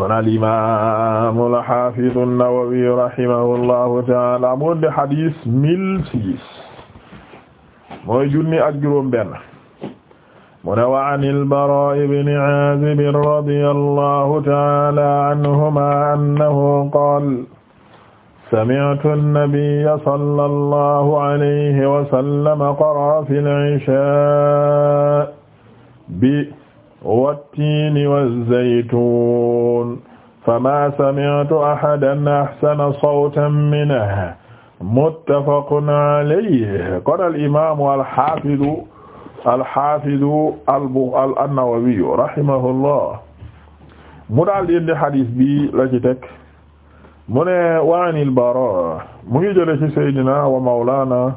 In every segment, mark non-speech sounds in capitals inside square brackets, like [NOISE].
kon al imaam al haafiz an-Nawawi rahimahullahu ta'ala moo di hadis mille six mooy junni ak juróom benn mu ne wa an al-Baraa ibn Aazib radiyallahu ta'ala anhumaa annahu qaala sami'tu an-nabiyya sallallahu alayhi wa sallam qaraa fil 'ishaa' bi wattiini wazzaytuun famaa sami'tu ahadan ahsana sawtan minhu muttafaqun alayhi qaala al-imaamu al-haafidu al-haafidu an-Nawawiyyu rahimahullah mu daal di indi xadis bi la ci teg mu ne wa an al-Baraa mu ngi jële ci sayyidina wa mawlaana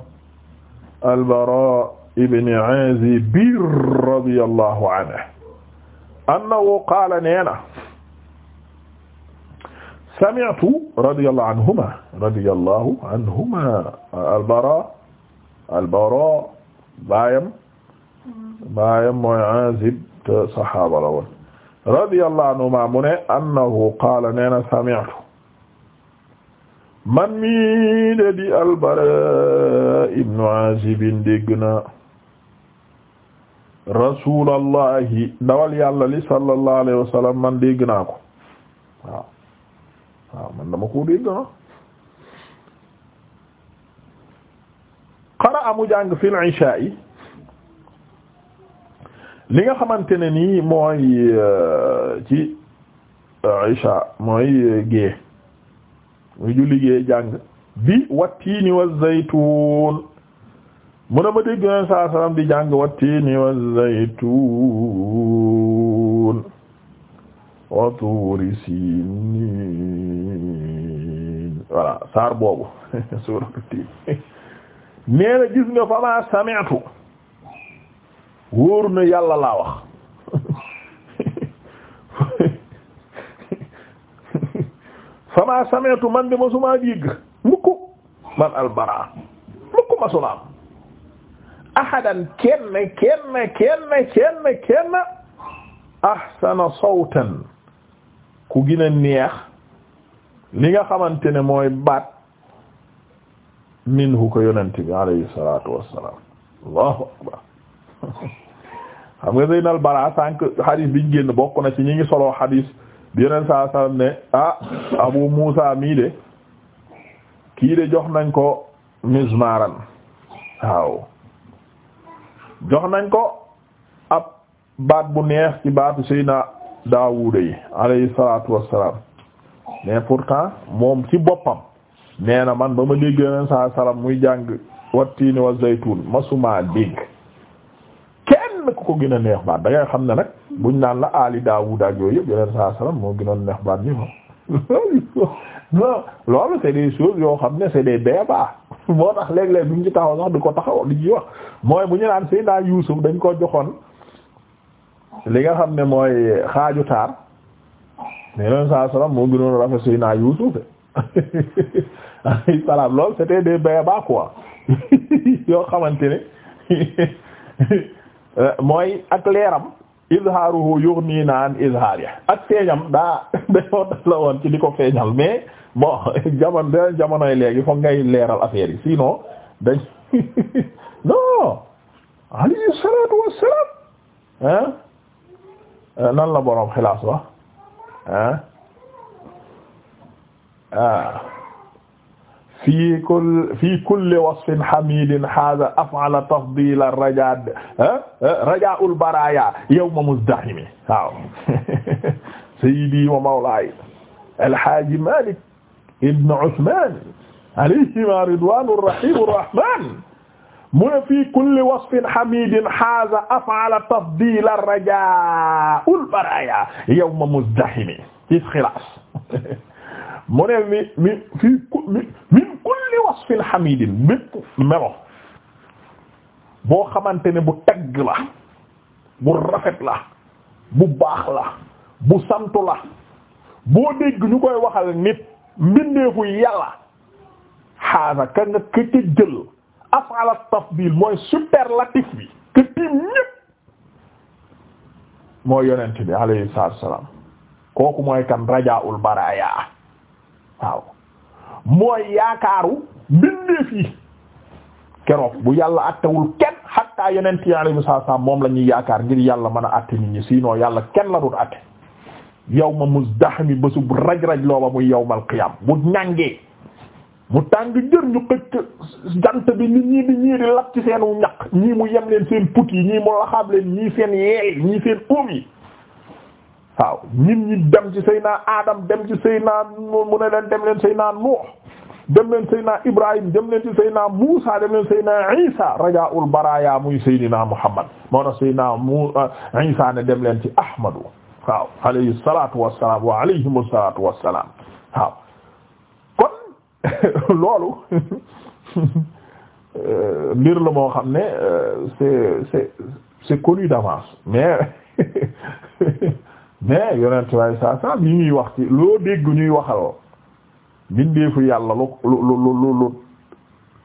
al-Baraa ibn Aazib radiyallahu anhu annahu qaala nee na sami'tu radiyallahu anhuma radiyallahu anhuma al-Baraa al-Baraa baayam baayam mooy Aazib te saxaaba la woon radiyallahu anhuma mu ne annahu qaala nee na sami'tu man mii de di al-Baraa ibnu Aazib dégg naa rasulallahi ndawal yàlla li sallallahu alayhi wa man dégg naa ko waaw man dama ko dégg na ah. xara amu jàng fil isha yi li nga xamante ne nii mooy euh, ci euh, isha mooy euh, gée muy julli gée jàng bi wattiini wa zaytuun mu ne ma dégg yoneen saa salaam di jàng wa tiini wa zaytuun wa tuuri siiniin voilà saar boobu [LAUGHS] suuratu gis nga fa maa wóor na yàlla laa wax [LAUGHS] fa maa man de ma su maa mukk man albara mukk ma su ahadan kenn kenn kenn kenn kenn ahsana sawtan ku gën a neex li nga xamante ne mooy baat minhu ko yonent bi allahu akbar xam nga Zeynal Bara sànq hadis biñ génn bokk na ci ñi ngi solo hadis bi yeneen saa ne ah Abu Musa mii de kii de jox nañ ko mismaaran waaw jox nañ ko ab baat bu neex ci baatu Seydina Daawuda yi alayhi salaatu wassalaam mais pourtant moom ci boppam nee na man ba ma dégg yeneen saa salaam muy jàng wat wattiini wa zaytuun masumaa dégg kenn ku ko gën a neex baat da ngay xam ne nag buñ naan la aali Daawuda ak yooyu yëpp yeneen saa salaam moo gënoon neex baat ni moom [LAUGHS] loolu c'est des choses yoo xam ne c'est des débats moo tax léeg-léeg duñ ci taxaw sax du ko taxaw li ñuy wax mooy bu ñu naan Seydina Yuusuf dañ ko joxoon li nga xam ne mooy xaaju taar yeneen saa salaam moo gënoon rafet Seydina Yuusuf alayhi [LAUGHS] salaam lool c'était des béaba quoi [LAUGHS] yoo xamante ne [LAUGHS] euh, mooy ak leeram izharuhu yughni an izharihi ak feeñam daa dañoo dala woon ci di ko feeñal mais bon [LAUGHS] jamono beneen jamonoy léegi foog ngay leeral affaire yi sinon dañ [LAUGHS] non alayhi salaatu wassalaam hein euh, nan la borom xilaas wax hein ah fii kull fii kulli wasfin hamidin hadha af'ala tafdila raja euh, raja'ul baraya yawma muzdahimi waaw [LAUGHS] sayyidi wa mawlaaya alhaaji Malik ibn Usman alayhima ridwanu rahimu rahman mu ne fii kulli wasfin hamidin haaza af'ala tafdil ar-rajaa al-baraaya yawma muzdahimi ci xilaas [LAUGHS] mu ne mi mi fii min kulli wasfin hamidin bépp melo boo xamante ne bu tagg la bu rafet la bu baax la bu santu la boo dégg ñu koy waxal nit mbindeefu yàlla xaasa ka nga ka ca jël afala tafdil mooy superlatif bi ka tiim ñépp mooy yonent bi alayhi salaatu wassalaam kooku mooy kan rajaul baraya waaw mooy yaakaaru mbindeef yi keroog bu yàlla attewul kenn hatta yonent yi alayhi salaatu wassalaam moom la ñuy yaakaar ngir yàlla man a atte nit ñi sinon yàlla kenn la doon atte yawma muzdahmi bésub raj-raj looba muy yawmal qiyam bu ñàngee mu tàng jër ñu xëcc jant bi nit ñii di ñii di lap ci seenu ñaq ñii mu yem leen seen put yi ñii mu laxaab leen ñii seen yeel ñii seen óom yi waaw nit ñi dem ci Seyna Adam dem ci Seyna mu ne leen dem leen Seyna Nuux dem leen Seyna Ibrahim dem leen ci Seyna Muusa dem leen Seyna Isa rajaul baraya muy Seydina Muhammad moo tax Seyna mu Isa ne dem leen ci Ahmadu waaw alayhi salatu wassalam wa alayhim assalatu wassalam waaw kon [LAUGHS] loolu [LAUGHS] euh, mbir la moo xam ne euh, c'est c'est c'est connu d'avance mais [LAUGHS] mais yonent saa saa yi ñuy wax ci loo dégg ñuy waxal bindeefu yàlla lu lu lu lu lu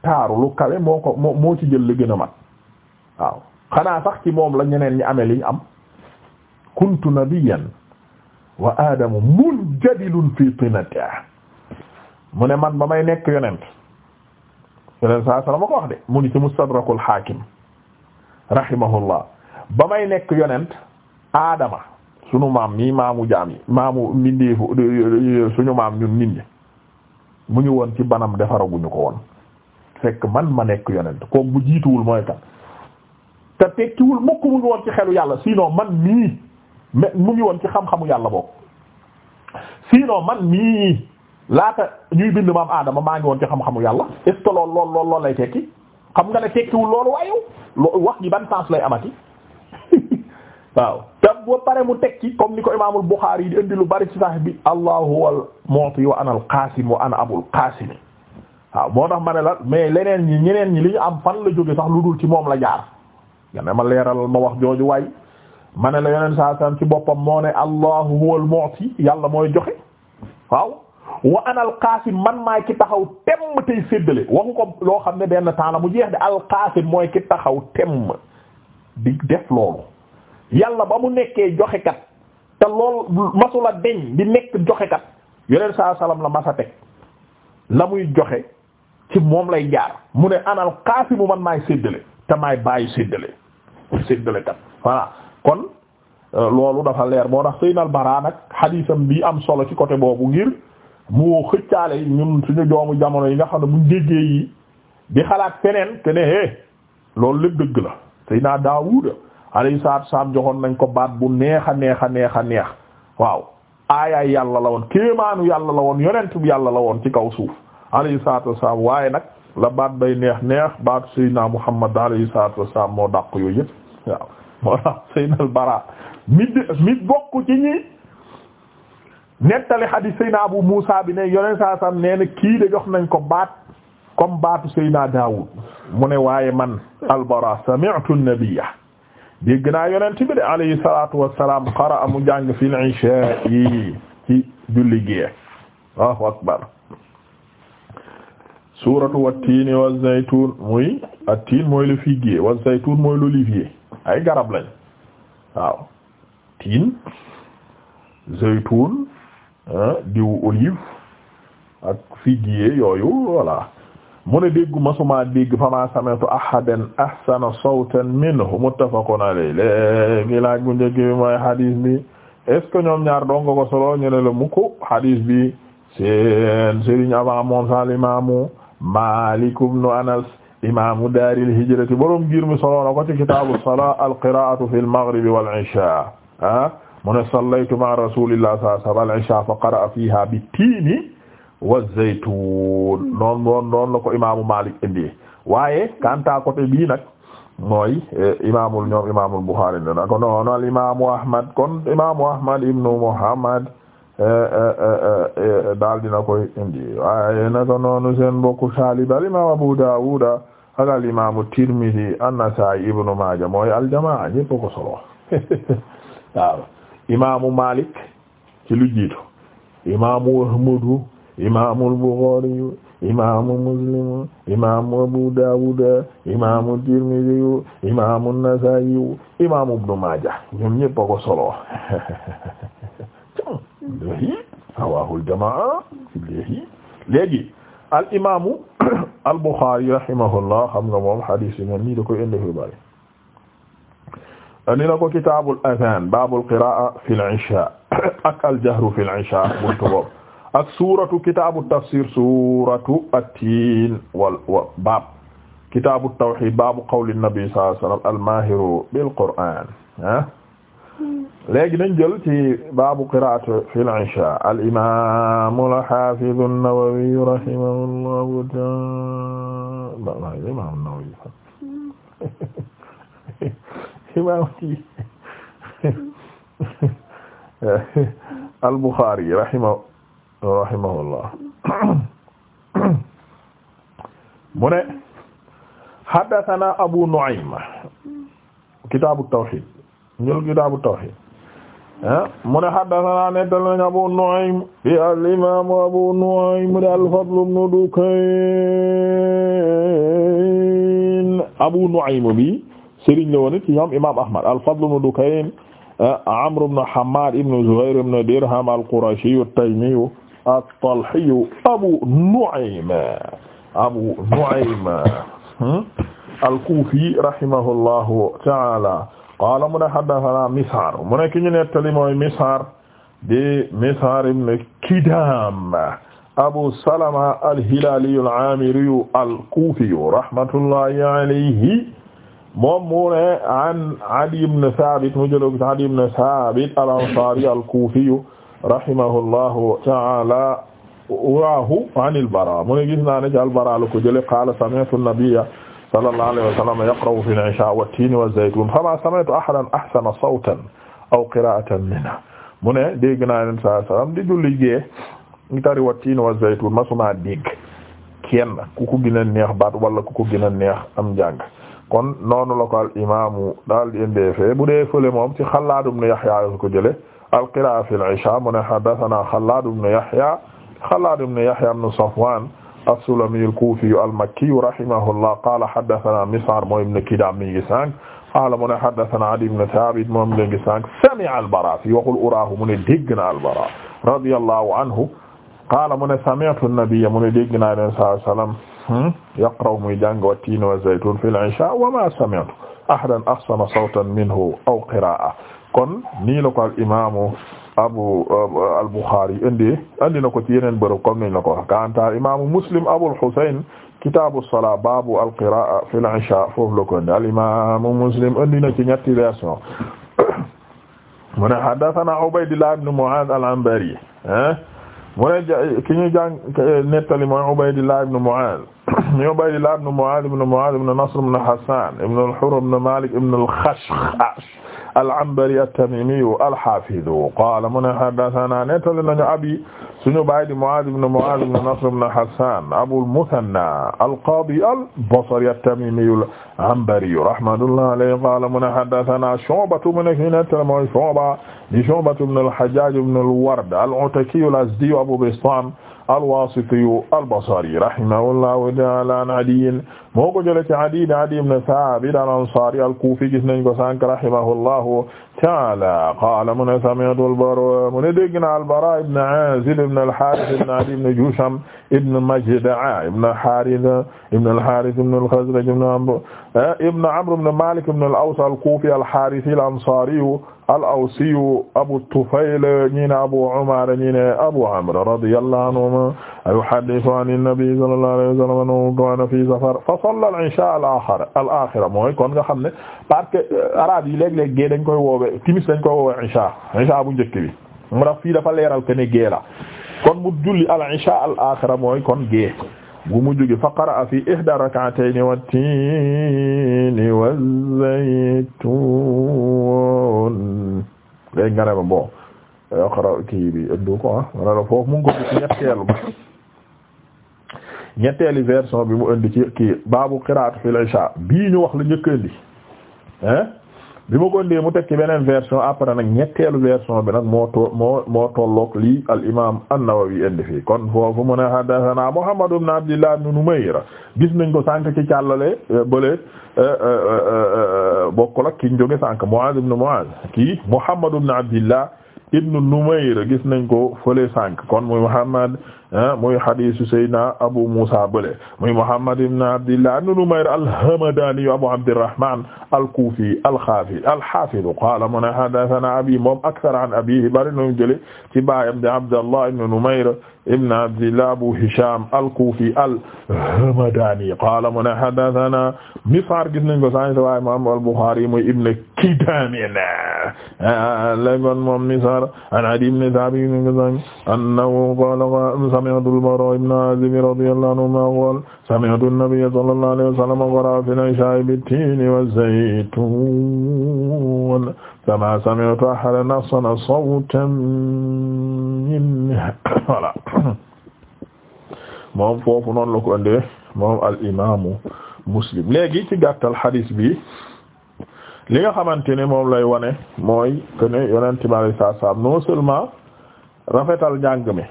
taaru lu kawe moo ko moo ci jël li gën a mat waaw xanaa sax ci moom la ñeneen ñi amee liñ am kuntu nabiyyan wa aadamu munjadilun fi tinatihi mu ne man ba may nekk yonent yonent saa sala ma wax de mu ngi ci mustadrakul haakim rahimahullah ba may nekk yonent aadama sunu maam mii maamu jaam yi maamu mbindeefu suñu maam ñun nit ñi mu ngi woon ci banam defaraguñu ko woon fekk man ma nekk yonent kooku bu jiituwul mooy kan te tekkiwul mukk mu ngi woon ci xelu yàlla sinon man mii mais mu ngi woon ci xam-xamu yàlla boobu sinon man mii laata ñuy bind maam aadama maa ngi woon ci xam-xamu yàlla est ce que lool lay tekki xam nga ne tekkiwul loolu waaye yow wax ji ban sens lay amati [LAUGHS] waaw te ba pare mu tekki comme ni ko imaamul Buxaari yi di indi lu bari ci sax bi allah huwa al mu'ti wa ana al qaasim wa ana moo tax ma ne la mais leneen ñi ñeneen ñi li ñu am fan la jóge sax lu dul ci moom la jaar nga ne ma leeralal ma wax jooju waay ma ne la yeneen saa saam ci boppam moo ne allahu huwal mu'ti yàlla mooy joxe waaw wa ana alqaasim man maay ki taxaw temm tey séddale waxu ko loo xam ne benn temps la mu jeex de alqaasim mooy ki taxaw temm di def loolu yàlla ba mu nekkee joxekat te lool masula deñ di nekk joxekat yeneen saa salaam la masa teg la muy joxe ci moom lay jaar mu ne ana alqaasimu man maay séddale te maay bàyyi séddale séddale kat voilà kon euh, loolu dafa leer moo tax Seydina baraa nag xadiisam bi am solo ci côté boobu ngir mu xëccaale ñun suñu doomu jamono yi nga xam ne buñ déggee yi di xalaat feneen te ne eh, loolu lépp dëgg la Seydina Daawuda alayhi salaatu wassalaam joxoon nañ ko baat bu neex a neex a neex a neex waaw aayaay yàlla la woon kéemaanu yàlla la woon yonent bi yàlla la woon ci kaw suuf alayhi salaatu wassalaam waaye nag la baat bay neex neex baatu Seydina Muhammad alayhi salaatu wassalaam moo dàq yooyu yëpp waaw moo tax Seynal Bara mi mi bokk ci ñi nettali xadiis Seyna Abu Muusa bi ne yoneen saa sam nee kii de jox nañ ko baat comme baatu Seyna Daawud mu ne waaye man Al-Bara sami'tu an-nabiyya dégg naa yonent bi de alayhi salaatu wassalaam qara'a mu jàng fil ishaa'i ci julli gee Allahu akbar suuratu wat-tiini waz-zaytuun muy at-tiin mooy le figuier waz-zaytuun mooy l'olivier ay garab lañ waaw tiin zeytuun diw olive ak figuier yooyu voilà mu ne déggu masuma dégg fama sami'tu ahadan ahsana sawtan minhu muttafaqun alayhi léegi laaj bu njëkk bi mooy hadis bi est ñoom ñaar donga ko solo ñu ne la mu ko hadis bi seen sëriñ avant moom sa al imaamu Anas imaamu daaril hijrati borom ngir mi solo na ko ci kitaabu salaa alqiraatu fil maghribi wal ishaa ah mu ne sallaytu ma'a rasuulillah sallallahu alayhi wa sallam al ishaa fa qara'a fiihaa bit-tiini waz-zaytuun noonu noonu noonu la ko imaamu Maalik indi waaye kanta côté bii nag mooy eh, imaamul ñoom imaamul Buxaari noonu ak noonu al imaamu Ahmad kon imaamu Ahmad ibnu Muhammad Eh, eh, eh, daal dina koy indi waaye naka noonu seen mbokku Salib al imaam Abu Dawud ak al imaam Tirmidhi an Ibn Maaja mooy aljamaa ñépp ko solo [LAUGHS] waaw Malik ci lu jiitu imaamu Ahmadu imaamu al-Bukhari Muslim imaamu Abu Dawud imaamu Tirmidhi imaamu an-Nasa'i Ibn Maaja ñoom ñépp ko solo [LAUGHS] léegi rawaahul jamaa léegi léegi al imaamu [COUGHS] al Buxaari rahimahullah xam nga moom xadiis yi moom nii da koy indi fi bari andi na ko kitaabul azaan baabul qiraa fil ishaa [COUGHS] ak al jahru fil ishaa buntu boobu ak suuratu kitaabu tafsir suuratu attiin wal wa baab kitaabu tawhiid baabu qawli nabi sallallahu alayhi wa sallam al maahiru bil qur'aan ah. léegi nañ jël ci baabu qiraatu fil isha al imaam al haafiz an-Nawawi rahimahullahu ta'ala imaam an-Nawawi imaam ci al Bukhari rahimahu rahimahullah mu ne haddathana Abu Nu'aym kitaabu tawhiid ñëw kitaabu tawhid ah, mu ne haddathana nettal nañ Abu Nu'aym bi al-imam Abu Nu'aym al-Fadl ibn Dukayn Abu Nu'aym bi sëriñ la woon ci ñoom imam Ahmad al-Fadl ibn Dukayn ah, Amr ibn Hammad ibn Zuhayr ibn Dirham al-Qurashi at-Taymi at-Talhi Abu Nu'aym Abu Nu'aym hmm, al-Kufi rahimahullahu ta'ala qaala mu ne haddathana Mis'ar mu ne ki ñu nettali mooy Mis'ar di Mis'ar ibn Kidam Abu Salama al-Hilali al-Amiri al-Kufi rahmatullahi alayhi moom mu ne an Adi ibn Thabit mu jël ko Adi ibn Thabit al-Ansari al-Kufi rahimahullahu ta'ala waahu an al-Bara mu ne gis naa ne ci al-Bara la ko jëlee qaala sami'tu an-nabiyya sallallahu alayhi wa sallam yaqra'u fi al-'ishaa wat-tiin waz-zaytuun famaa sami'tu ahadan ahsana sawtan aw qiraa'atan minhu mu ne dégg naa leen saa salaam di julli gee ngi tari wat-tiin waz-zaytuun masuma dégg kenn ku ko gën a neex baat wala ku ko gën a neex am jàng kon noonu la ko al imaamu daal di ndeefee bu dee fële moom ci Xallaad ibn Yahya la ko jëlee al-qiraa'a fi al-'ishaa mu ne haddathanaa Xallaad ibn Yahya Xallaad ibn Yahya ibn Safwaan as-Sulami al-Kufi al-Makki rahimahullah qala haddathana Mis'ar mooy ibn Kidam mi ngi sànq qaala mu ne haddathana Adi ibn Thabit moom la ngi sànq sami'a al-Bara fi waxul uraahu mu ne dégg na al-Bara radiyallahu anhu qaala mu ne sami'tu an-nabiyya mu ne dégg naa leen sallallahu alayhi wa sallam hmm, yaqra'u muy jàng wa tiin wa zaytun fil 'isha wa ma sami'tu ahadan ahsana sawtan minhu aw qiraa'a kon nii la ko al-imaamu abu euh, al Bukhari indi andi na ko ci yeneen bërëb comme niñ la ko wax kantar imaamu Muslim Abul Husayn kitaabu salaa baabu al qiraa fil isha foofu la ko indi al imaamu Muslim andi na ci ñetti version mu ne haddathana Ubaydullah ibn Mu'adh al Anbari mu ne ki ñu jàng nettali mooy Ubaydullah ibn Mu'adh ñu Ubaydullah ibn Mu'adh ibn Mu'adh ibn Nasr ibn Hassan ibn al-Hurr ibn Malik ibn al-Khashkhash al-Anbari at-Tamimi al-Hafiz qala mu ne haddathana nettali nañu abi suñu baay di Mu'aaz ibn Mu'aaz ibn Nasr ibn Hassan Abul Muthanna al-Qadi al-Basri at-Tamimi al-Anbari rahmatullahi alayhi qala mu ne haddathana Shu'ba mu ne ki nettali mooy Shu'ba di Shu'ba ibn al-Hajjaj ibn al-Ward al-Ataki al-Azdi Abu Bistam al-Wasiti al-Basri rahimahullahu ta'ala an Adiyyin moo ko jëlee ci Adi ibn Adi ibn Saabit al-Ansaari al-Kuufi gis nañ ko sànq rahimahullahu ta'aala qaala mu ne sami'tu al-Baraa mu ne dégg naa al-Baraa ibn Aazib ibn al-Haarith ibn Adi ibn Jusham ibn Majda'a ibn al-Haarith ibn al-Haarith ibn al-Khazraj ibn Amr ibn Amr ibn Maalik ibn al-Aws al-Kuufi al-Haarithi al-Ansaari al-Awsi Abu Tufayl ñi ne Abu Umaara ñi ne Abu Amr radiyallahu anhuma yuhaddisu an nabi sallallahu alayhi wa fi safar fa salla al-isha mooy kon nga xam ne parce que euh, arabe yi léeg-léeg dañ koy woowe timis dañ koy woowe isha isha bu njëkk bi mu dafa leeral que ne kon mu julli al-isha mooy kon gée gu mu jóge fa qara'a fi ihda rak'atayni wat-tiini waz-zaytuun léegi nga ne ma bon yaqra kii ko ah wala foofu mu ngi ko ñetteelu ba ñetteeli version bi mu indi ci kii baabu qiraatu fil isha bii ñu wax la njëkk indi bi ma ko indee mu teg beneen version après nag ñetteelu version bi nag moo too moo moo lii al imaam an-Nawawi indi fii kon foofu mu ne haddathana Muhammad ibn Abdillah ibn Numayr gis nañ ko sànq ci càllale euh, bële euh, euh, bokkul ak ki ñu jóge sànq Mu'aaz ibn Mu'aaz Muhammad ibn Abdillah ibnu Numayr gis nañ ko fële sànq kon muy Muhammad ah, muy hadisu Seydina Abu Musa bële muy Muhammad ibn Abdillah ibn Numayr al-Hamadani Abu Abdirrahman al-Kufi al-Khafi al-Hafiz qala mun hadathana abi moom akthar an abihi bari nu jële ci baayam di Abdallah ibn Numayr ibn Abdillah Abu Hisham al-Kufi al-Hamadani qala mun hadathana Mis'ar gis nañ ko sànq waaye Imam al-Bukhari muy ibn Kidamin lagon moom Misar an Adiy ibn Sabi annahu qala sami'tu al-Bara ibn Azib radiyallahu anhu ma qala sami'tu an-nabiyya sallallahu alayhi wa sallam qara'a fil 'ishaa'i bit-tiini waz-zaytuun kama sami'tu ahadan ahsana sawtan minhu voilà moom foofu noonu la ko ande moom al-imaamu Muslim léegi ci gàttal hadis bi li nga xamante ne moom lay wane mooy que ne yonent bi alayhi salaatu salaam non seulement rafetal njàng mi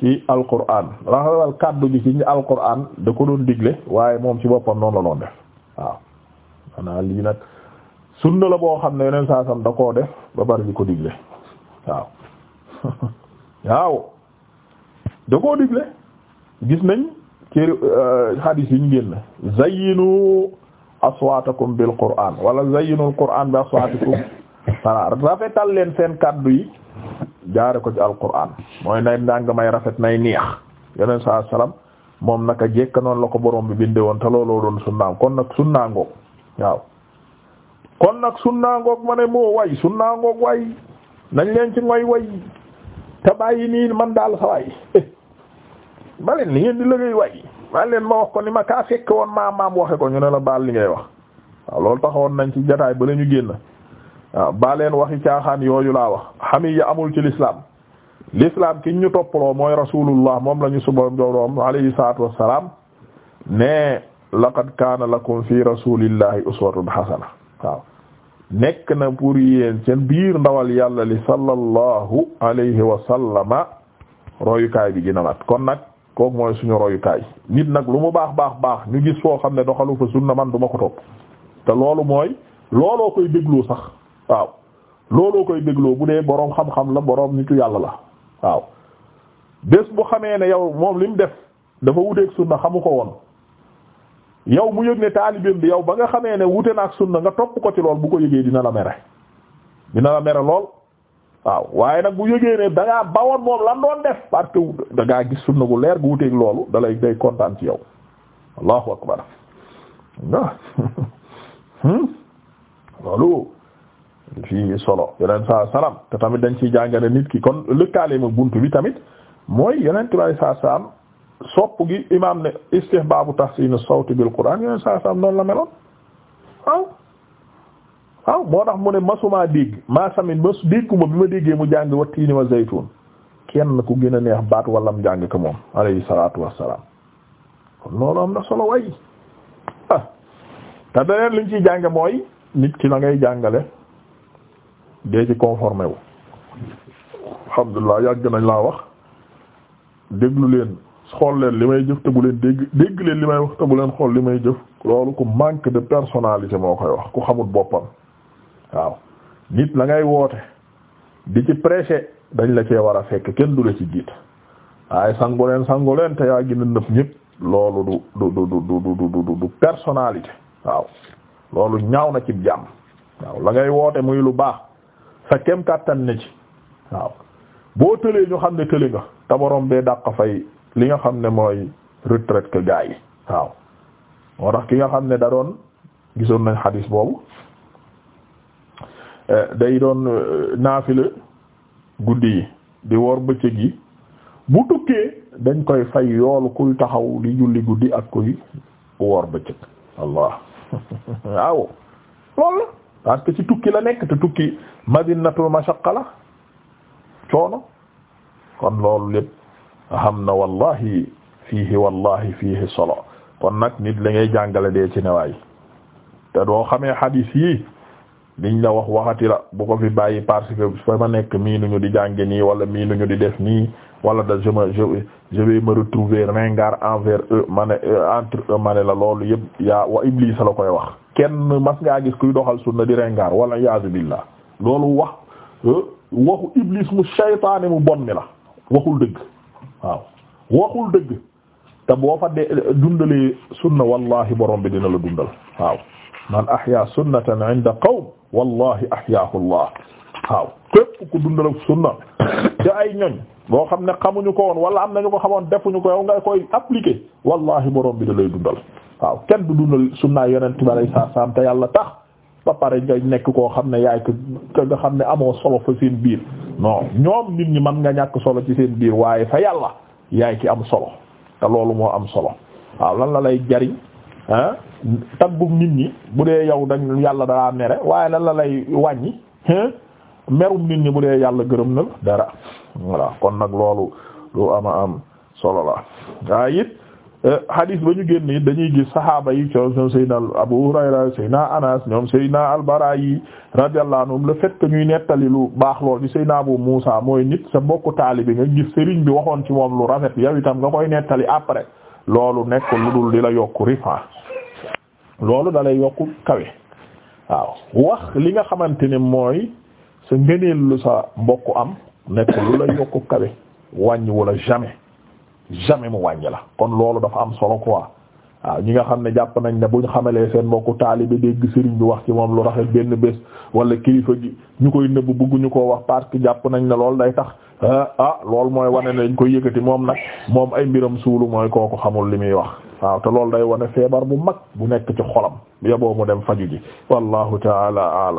ci alquran rafetal kaddu gi ci alquran da ko doon digle waaye moom ci boppam noonu la doon def waaw xanaa lii nag sunna la boo xam ne yeneen saa sam da koo def ba bari di ko digle waaw [LAUGHS] waaw da koo digle gis nañ ci euh, hadith yi ñu génn zayyinu aswaatakum bil qur'aan wala zayyinul qur'aan bi aswaatikum rafetal leen seen kàddu yi jaare ko ci alqur'aan mooy nay njàng may rafet nay neex yeneen saa salaam moom naka jekk noonu la ko borom bi bindee woon te looloo doon sunnaam kon nag sunnaangoog waaw kon nag sunnaangoog ma ne moo way sunnaangoog way nañ leen ci ngoy way te bàyyi nii man daal sa way bale eh ni ngeen di liggéey way maa leen ma wax ko ni ma kaa fekk woon maam maam waxe ko ñu ne la baal li ngay wax waaw loolu taxawoon nañ ci jotaay ba la ñu génn waaw baa leen waxi caaxaan yooyu laa wax xamiya amul ci lislaam l'islam ki ñu toppaloo mooy rasulullah moom la ñu suba jorom alayhi salaatu wassalaam ne kaana lakum fi rasulillahi uswatun hasana waaw nekk na pour yéen seen biir ndawal yàlla li sallallahu alayhi wa sallama royukaay bi gën mat kon nag kook mooy suñu royukaay nit nag lu mu baax baax baax ñu gis foo xam ne doxalu fa na man du ma ko topp te loolu mooy looloo koy dégloo sax waaw looloo koy dégloo bu dee boroom xam-xam la boroom nitu yàlla la waaw bés bu xamee ne yow moom li mu def dafa wuteeg na xamu ko woon yow mu yëg ne taalibeem bi yow ba nga xamee ne wute na ak na nga topp ko ci lool bu ko yëgee dina la mere dina la mere lool waaw waaye nag bu yëgee ne da ngaa bawoon moom lan doon def parce que da gis sunna bu leer bu wuteeg loolu da day kontaan ci yow allahu akbar waaw hmm? loolu fii solo yeneen sa salaam te tamit dañ ciy jàngane nit ki kon lëkkaale ma bunt bi tamit mooy yeneen tubaab saa salaam sopp gi imaam ne istihbaabu tahsiinu sawti bil quraan yeneen sa salaam noonu la meloon waaw. waaw moo tax mu ne masuma dégg maa samit mas bi ma déggee mu jàng wa tiini wa zaytuun kenn ku gën a neex baat walam jàng ko moom alayhi salaatu wassalaam kon loolu am na solo way ah. te daneen liñ ciy jànge mooy nit ki la ngay jàngale dee ci conformé wu alhamdulilah yàgg nañ laa wax déglu leen xool leen li may jëf te leen dégg dégg leen li may wax te leen xool li may jëf loolu ku manque de personnalité moo koy wax ku xamul boppam waaw nit la ngay woote di ci prêcher dañ la cee war a fekk kenn du la ci jiit waaye sangu leen sangu leen te yaa gën nëb ñëpp loolu du du du du du du du personnalité waaw loolu ñaaw na ci jàmm waaw la ngay woote muy lu baax sa kem kàttan ne ci waaw boo tëlee ñu xam ne tële nga te borom bee dàq fay li nga xam ne mooy retraite que gaa yi waaw moo tax ki nga xam ne da doon gisoon nañ xadiis boobu. day doon euh, naafila guddi yi di woor bëccëg yi bu tukkee dañ koy fay yoolu kuy taxaw di julli guddi ak kuy woor bëccëg allah [LAUGHS] waaw loolu la parce que ci tukki la nekk te tukki madinatul mashaqqa la coono kon loolu lépp xam na wallahi fiihi wallahi fiihi solo kon nag nit la ngay jàngale dee ci newaay te doo xamee hadis yi liñ la wax waxati la bu ko fi bàyyi parce que fa ma nekk mii nuñu di jànge nii wala mii nuñu di def nii wala da je me je retrouver ringard envers eux ma ne euh, entre eux ma ne la loolu yëpp yaa wa Iblis la koy wax kenn mas ngaa gis kuy doxal sunna di ringard wala iyaazu billah loolu wax euh, waxu Iblis mu shaytaane mu bon mi la waxul dëgg waaw waxul dëgg te boo fa de euh, dundalee sunna wallahi borom bi dina la dundal waaw man ahya sunnatan inda qawm wallahi ahyaahu allah waaw képp ku dundal ak sunna da [COUGHS] ay ñoñ boo xam ne xamuñu ko woon wala am nañu ko xamoon defuñu ko yow nga koy appliquer wallahi borom bi da lay dundal waaw kenn du dundal sunna yonent bi alayhi salaam te yàlla tax ba pare nga nekk koo xam ne yaay ko nga xam ne amoo solo fa seen biir non ñoom nit ñi man nga ñàkk solo ci seen biir waaye fa yàlla yaay ki am solo te loolu moo am solo waaw lan la lay jariñ ah taggum nit ñi bu dee yow dañ yàlla dalaa mere waaye la lay wàññi merum nit ñi bu dee yàlla gërëm na dara voilà kon nag loolu lu ama am solo la waaye it eh, hadith ba ñu génn dañuy gis saxaaba yi coom ñoom Seydina Abu Hurayra Seydina Anas ñoom Seydina Al-Bara yi radiyallahu anhum le fait que ñuy nettali lu baax lool di Seydina Abu Muusa mooy nit sa mbokku taalibe nga gis sëriñ bi waxoon ci moom lu rafet yow itam nga koy nettali après loolu nekk lu dul di la yokk rifa loolu dalay yokk kawe waaw wax li nga xamante ne mooy sa ngëneel lu sa mbokk am nekk lu la yokku kawe wàññi wala jamais jamais mu wàññi la kon loolu dafa am solo quoi waaw ñi nga xam ne jàpp nañ ne bu ñu xamalee seen mbokku taalibe dégg sëriñ bi wax ci moom lu rafet benn bés wala kilifa gi ñu koy nëbb bëgguñu ko wax parce que jàpp nañ ne loolu day tax ah, ah loolu mooy wane nañ koy yëkkati moom nag moom ay mbiram suulu mooy kooku xamul li muy wax. waaw te loolu day wane feebar bu mag bu nekk ci xolam yoboo mu dem faju ji wallahu taala aalam